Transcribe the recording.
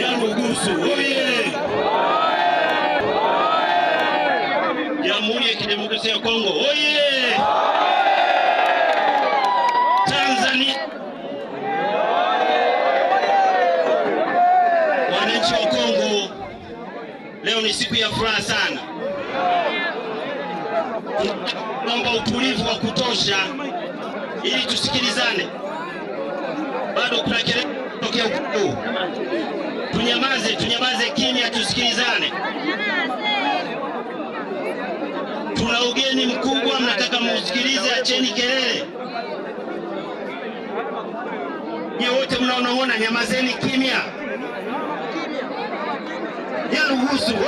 Nyarugusu oye! Jamhuri ya Kidemokrasia ya Kongo oye! Tanzania, wananchi wa Kongo, leo ni siku ya furaha sana, kwamba utulivu wa kutosha ili tusikilizane. Bado kuna kelele kutokea tunyamaze, tunyamaze kimya, tusikilizane. Tuna ugeni mkubwa, mnataka muusikilize acheni kelele. Nyewe wote mnaonaona, nyamazeni kimya, yaruhusu